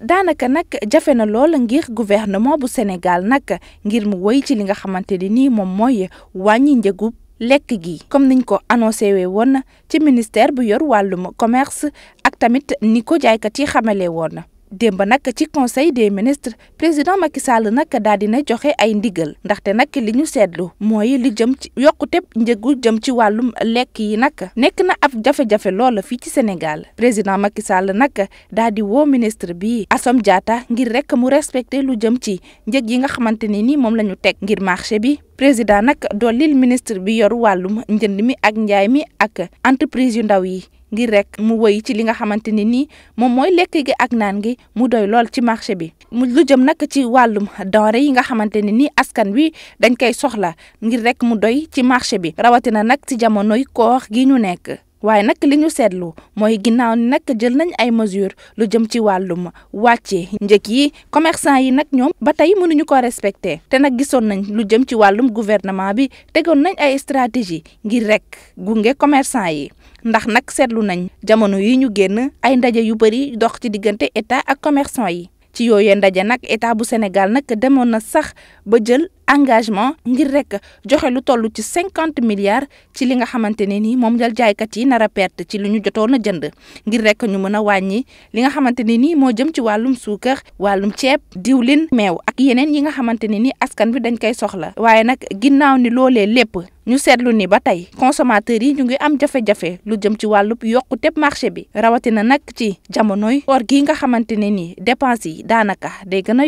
daanaka nag jafe na lool ngir gouvernement bu Sénégal nag ngir mu wéy ci li nga xamante ne nii moom mooy wàññi njëgub lekk gi comme niñ ko annoncé wee woon ci ministère bu yor wàllum commerce ak tamit ni ko jaaykat yi xamale woon. démb nag ci conseil des ministres président Macky Sall nag daal dina joxe ay ndigal ndaxte nag li ñu seetlu mooy li jëm ci yokkute njëgu jëm ci wàllum lekk yi nag nekk na ab jafe-jafe loola fii ci Sénégal président Macky Sall nag daal di woo ministre bi Assome Diatta ngir rek mu respecté lu jëm ci njëg yi nga xamante ne ni moom la ñu teg ngir marché bi président nag dollil ministre bi yor wàllum njënd mi ak njaay mi ak entreprise yu ndaw yi ngir rek mu woy ci li nga xamante ne nii moom mooy lekk gi ak naan gi mu doy lool ci marché bi mu lu jëm nag ci wàllum denrée yi nga xamante ne nii askan wi dañ koy soxla ngir rek mu doy ci marché bi rawatina nag ci jamonoy koor gi ñu nekk waaye nag li ñu seetlu mooy ginnaaw ni nag jël nañ ay mesures lu jëm ci wàllum wàcce njëg yi commerçant yi nag ñoom ba tey mënuñu ko respecté te nag gisoon nañ lu jëm ci wàllum gouvernement bi tegoon nañ ay stratégie ngir rek gunge commerçant yi ndax nag seetlu nañ jamono yi ñu génn ay ndaje yu bëri dox ci diggante état ak commerçant yi ci yooyee ndaje nag état bu Sénégal nag demoon na sax ba jël engagement ngir rek joxe lu toll ci cinquante milliards ci li nga xamante ne ni moom la jaaykat yi nar perte ci lu ñu jotoon a jënd ngir rek ñu mën a wàññi li nga xamante ne ni moo jëm ci wàllum suukar wàllum ceeb diwlin meew ak yeneen yi nga xamante ne ni askan bi dañ koy soxla waaye nag ginnaaw ni loolee lépp. ñu seetlu ni ba tey consommateurs yi ñu ngi am jafe-jafe lu jëm ci wàllub yokkuteb marché bi rawatina nag ci jamonoy or gi nga xamante ne ni dépenses yi daanaka day